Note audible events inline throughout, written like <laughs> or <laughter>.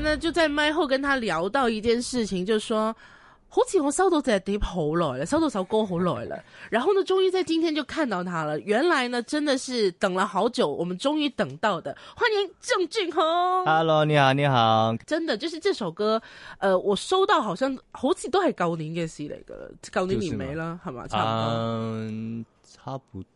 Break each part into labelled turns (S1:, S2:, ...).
S1: 那就在麥後跟他聊到一件事情，就說好似我收到這碟好耐了，收到這首歌好耐了，然後呢，終於在今天就看到他了。原來呢，真的是等了好久，我們終於等到的。歡迎鄭俊弘
S2: ，Hello，你好，你好。
S1: 真的就是這首歌，呃，我收到好像好像都係舊年嘅事嚟噶舊年年尾啦，係嘛？
S2: 差唔多。嗯，差不多。Um, 差不多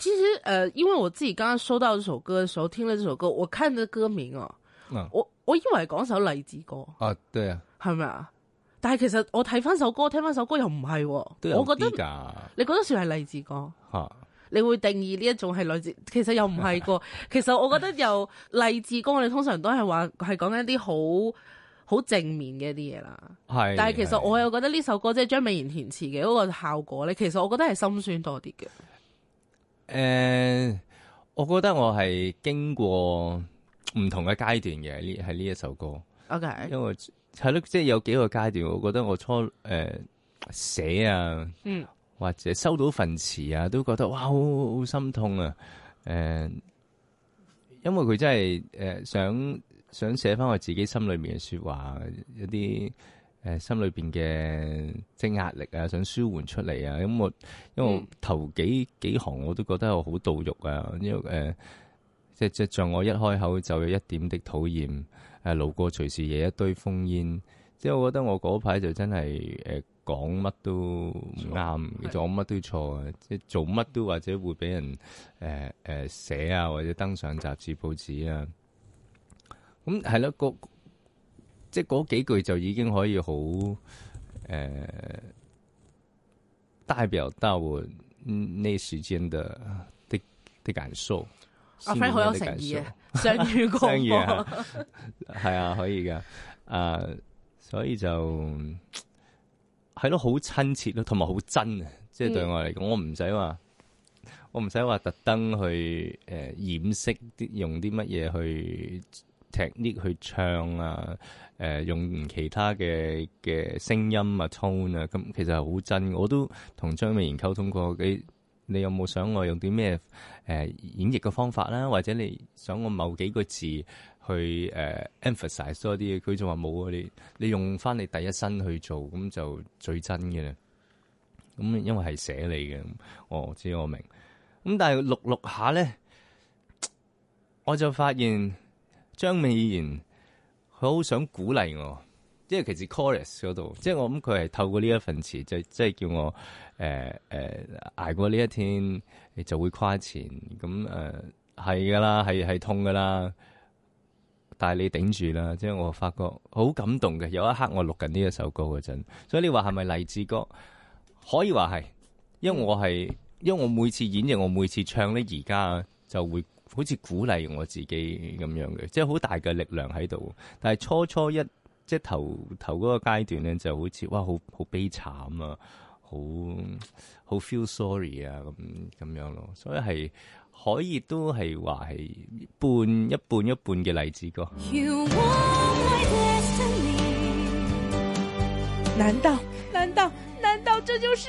S1: 其實，誒、呃，因為我自己剛剛收到呢首歌嘅時候，我聽到呢首歌，我看呢歌名啊，嗯、我我以為講首勵志歌啊，對啊，係咪啊？但係其實我睇翻首歌，聽翻首歌又唔係、啊，啊、我覺得你覺得算係勵志歌？吓、啊，你會定義呢一種係勵志，其實又唔係個。其實我覺得又勵志歌，我哋通常都係話係講緊一啲好好正面嘅一啲嘢啦。
S2: 係，但係其實我
S1: 又覺得呢首歌即係張美賢填詞嘅嗰個效果咧，其實我覺得係心酸多啲嘅。
S2: 誒、呃，我覺得我係經過唔同嘅階段嘅，呢係呢一首歌。Okay. 因為係咯，即係、就是、有幾個階段。我覺得我初誒寫、呃、啊，嗯、或者收到份詞啊，都覺得哇，好好心痛啊。誒、呃，因為佢真係誒、呃、想想寫翻我自己心裏面嘅說話，一啲。誒、呃，心裏邊嘅即壓力啊，想舒緩出嚟啊。咁、嗯、我因為我頭幾幾行我都覺得我好墮欲啊。因為誒、呃，即即像我一開口就有一點的討厭。誒、呃，路過隨時惹一堆風煙。即係我覺得我嗰排就真係誒，講、呃、乜都唔啱，錯做乜都錯，即係做乜都或者會俾人誒誒寫啊，或者登上雜誌報紙啊。咁係咯，個、嗯。嗯即係嗰幾句就已經可以好誒、呃，代表到我呢時間的的的感受。阿 friend 好有誠意 <laughs> 啊，相遇過，係啊，可以噶。誒、呃，所以就係咯，好親切咯，同埋好真啊。即係對我嚟講、嗯，我唔使話，我唔使話特登去誒掩飾啲，用啲乜嘢去。技巧去唱啊，誒、呃、用其他嘅嘅聲音啊、tone 啊，咁其實係好真的。我都同張美賢溝通過，你你有冇想我用啲咩誒演繹嘅方法啦？或者你想我某幾個字去誒 emphasize 多啲嘅？佢仲話冇啊，你你用翻你第一身去做咁就最真嘅啦。咁因為係寫你嘅，我、哦、知我明咁。但係錄錄下咧，我就發現。張美然，佢好想鼓勵我，即係其實 chorus 嗰度，即係、嗯、我諗佢係透過呢一份詞，即係即係叫我誒誒挨過呢一天就會跨前，咁誒係噶啦，係係痛噶啦，但係你頂住啦。即係我發覺好感動嘅，有一刻我錄緊呢一首歌嗰陣，所以你話係咪勵志歌？可以話係，因為我係因為我每次演繹，我每次唱咧，而家就會。好似鼓勵我自己咁樣嘅，即係好大嘅力量喺度。但係初初一即係頭頭嗰個階段咧，就好似哇，好好悲慘啊，好好 feel sorry 啊咁咁樣咯。所以係可以都係話係半一半一半嘅例子個。
S1: 難道難道難道這就是？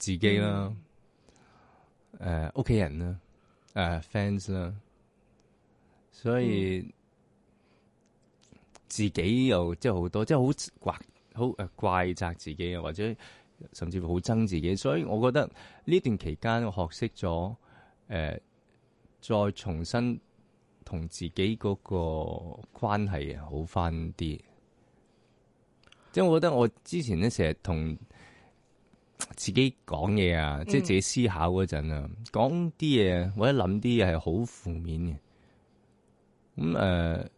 S2: 自己啦，誒屋企人啦，誒、呃、fans 啦，嗯、所以自己又即係好多，即係好怪，好誒怪責自己，或者甚至乎好憎自己。所以，我覺得呢段期間我學識咗誒，再重新同自己嗰個關係好翻啲。即係、嗯、我覺得我之前咧成日同。自己講嘢啊，即係自己思考嗰陣啊，講啲嘢或者諗啲嘢係好負面嘅。咁、嗯、誒、呢、呃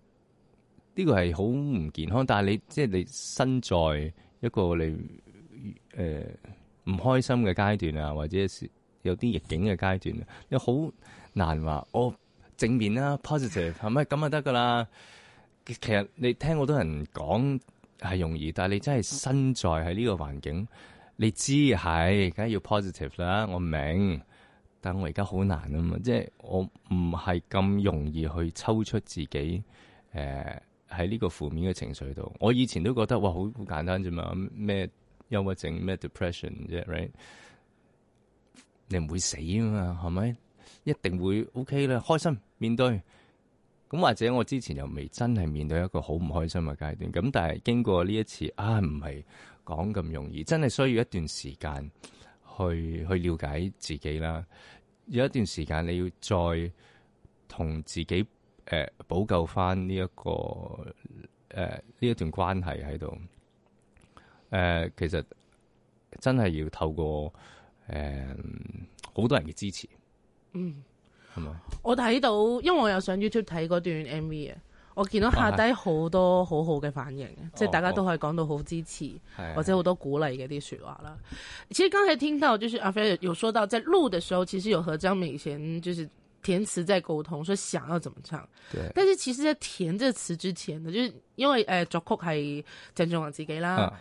S2: 這個係好唔健康。但係你即係你身在一個你誒唔、呃、開心嘅階段啊，或者有啲逆境嘅階段，你好難話哦正面啦、啊、positive 係咪咁就得噶啦？其實你聽好多人講係容易，但係你真係身在喺呢個環境。你知係，梗係要 positive 啦。我明，但我而家好難啊嘛，即係我唔係咁容易去抽出自己誒喺呢個負面嘅情緒度。我以前都覺得哇，好好簡單啫嘛，咩憂鬱症、咩 depression 啫，right？你唔會死啊嘛，係咪？一定會 OK 啦，開心面對。咁或者我之前又未真係面對一個好唔開心嘅階段，咁但係經過呢一次，啊唔係講咁容易，真係需要一段時間去去了解自己啦，有一段時間你要再同自己誒、呃、補救返呢一個誒呢、呃、一段關係喺度，誒、呃、其實真係要透過誒好、呃、多人嘅支持，嗯。
S1: 我睇到，因為我有上 YouTube 睇嗰段 MV 啊，我見到下低好多好好嘅反應，啊、是即係大家都可以講到好支持，我真係好多鼓勵嘅啲說話啦。是是是其實剛才聽到，就是阿 f a 有說到，在錄的時候，其實有和張美賢就是填詞在溝通，說想要怎麼唱。對。但是其實在填這詞之前呢，就是、因為誒、呃、作曲係張俊宏自己啦。啊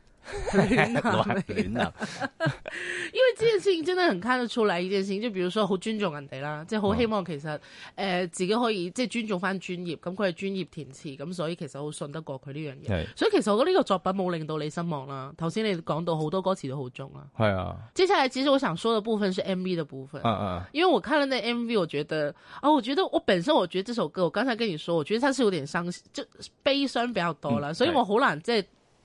S1: 因為呢件事情真的很看得出來。呢件事情，就比如說好尊重人哋啦，即係好希望其實誒、呃、自己可以即係尊重翻專業。咁佢係專業填詞，咁所以其實好信得過佢呢樣嘢。所以其實我覺得呢個作品冇令到你失望啦。頭先你講到好多歌詞都好中啊。
S2: 係啊。
S1: 接下來其實我想說的部分是 M V 的部分。因為我看了那 M V，我覺得啊，我覺得我本身我覺得這首歌，我剛才跟你說，我覺得它是有點傷心，悲傷比較多啦，所以我好難即係。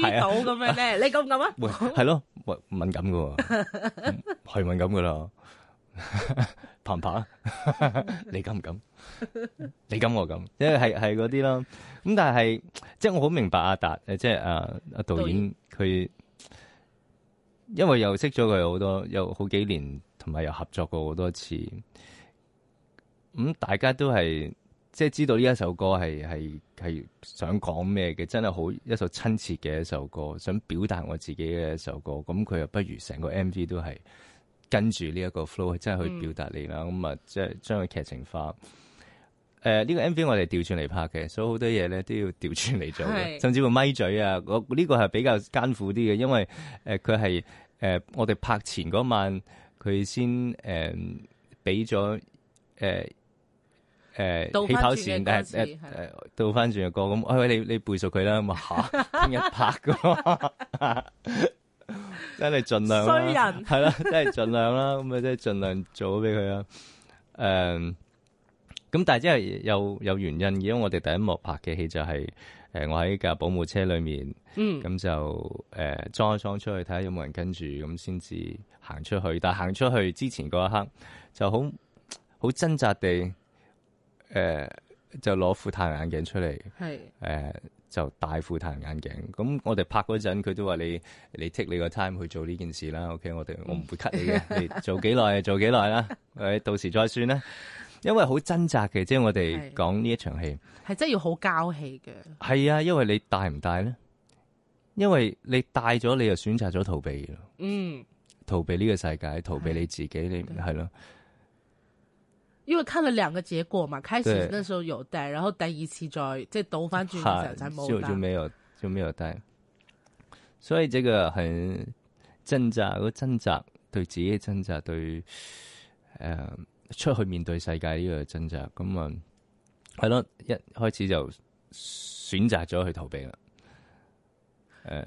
S1: 係咁樣咩？你
S2: 敢唔敢啊？係、啊、咯，敏感噶，係 <laughs> 敏感噶啦。鵬 <laughs> 拍唔拍， <laughs> 你敢唔敢？ <laughs> 你敢我敢，即係係係嗰啲啦。咁但係，即係我好明白阿達，即係阿阿導演佢，演因為又識咗佢好多，有好幾年，同埋又合作過好多次，咁、嗯、大家都係。即係知道呢一首歌係係係想講咩嘅，真係好一首親切嘅一首歌，想表達我自己嘅一首歌。咁佢又不如成個 MV 都係跟住呢一個 flow，真係去表達你啦。咁啊、嗯，即係將佢劇情化。誒、呃，呢、這個 MV 我哋調轉嚟拍嘅，所以好多嘢咧都要調轉嚟做嘅，是 甚至乎咪嘴啊！我呢、這個係比較艱苦啲嘅，因為誒佢係誒我哋拍前嗰晚佢先誒俾咗誒。誒，起跑線，但係誒誒，倒翻轉個歌，咁喂喂，你你背熟佢啦，咁啊，聽日 <laughs> 拍㗎， <laughs> <laughs> 真係盡量啦，係啦壞人，真係盡量啦，咁啊，真係盡量做俾佢啦，誒、呃，咁但係即係有有原因嘅，因為我哋第一幕拍嘅戲就係，誒，我喺架保姆車裏面，咁、嗯、就誒、呃，裝一裝出去睇下有冇人跟住，咁先至行出去。但係行出去之前嗰一刻就，就好好掙扎地。誒、呃，就攞副太陽眼鏡出嚟，係誒是、呃，就戴副太陽眼鏡。咁我哋拍嗰陣，佢都話你，你 take thing，okay? 嗯、你個 time 去做呢件事啦。OK，我哋我唔會 cut 你嘅，你做幾耐做幾耐啦，誒， <laughs> 到時再算啦。因為好掙扎嘅，即係我哋講呢一場戲，
S1: 係真係要好交戲嘅。
S2: 係啊，因為你戴唔戴咧？因為你戴咗，你又選擇咗逃避咯。嗯，逃避呢個世界，逃避你自己，是你係咯。
S1: 因為看了兩個結果嘛，開始那時候有帶，對然後第二次再即係倒翻轉就冇，所以就沒
S2: 就沒有帶。所以這個係掙扎，嗰個掙扎，對自己嘅掙扎，對誒、呃、出去面對世界呢個掙扎，咁啊係咯，一開始就選擇咗去逃避啦。誒、呃，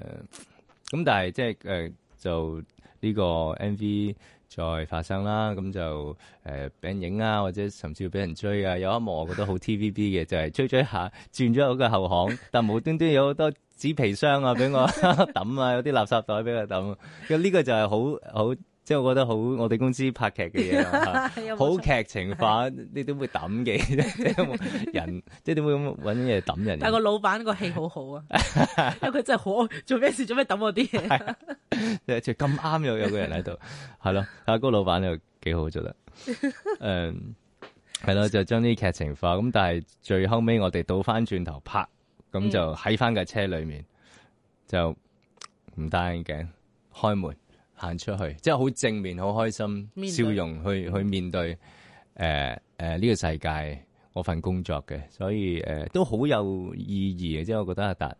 S2: 咁、嗯、但係即係誒就呢個 MV。再發生啦，咁就誒俾人、呃、影啊，或者甚至要俾人追啊。有一幕我覺得好 TVB 嘅，就係、是、追追下，轉咗一個後巷，但無端端有好多紙皮箱啊，我，俾我抌啊，有啲垃圾袋俾佢抌。咁、這、呢個就係好好。即係我覺得好，我哋公司拍劇嘅嘢， <laughs> 錯好劇情化，的你都會抌嘅，人， <laughs> 人，即係點會咁搵嘢抌人？但係
S1: 個老闆個戲好好啊， <laughs> 因為佢真係好做咩事，做咩抌我啲嘢？
S2: 即係咁啱有有個人喺度，係咯，但個老闆又幾好做得，誒，係咯，就將啲劇情化。咁但係最後尾，我哋倒翻轉頭拍，咁、嗯、就喺翻架車裏面就唔戴眼鏡開門。行出去，即係好正面、好開心、對笑容去去面對誒誒呢個世界，我份工作嘅，所以誒、呃、都好有意義嘅。即係我覺得阿達誒、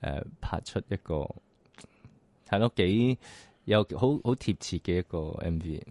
S2: 呃、拍出一個係咯幾有好好貼切嘅一個 MV。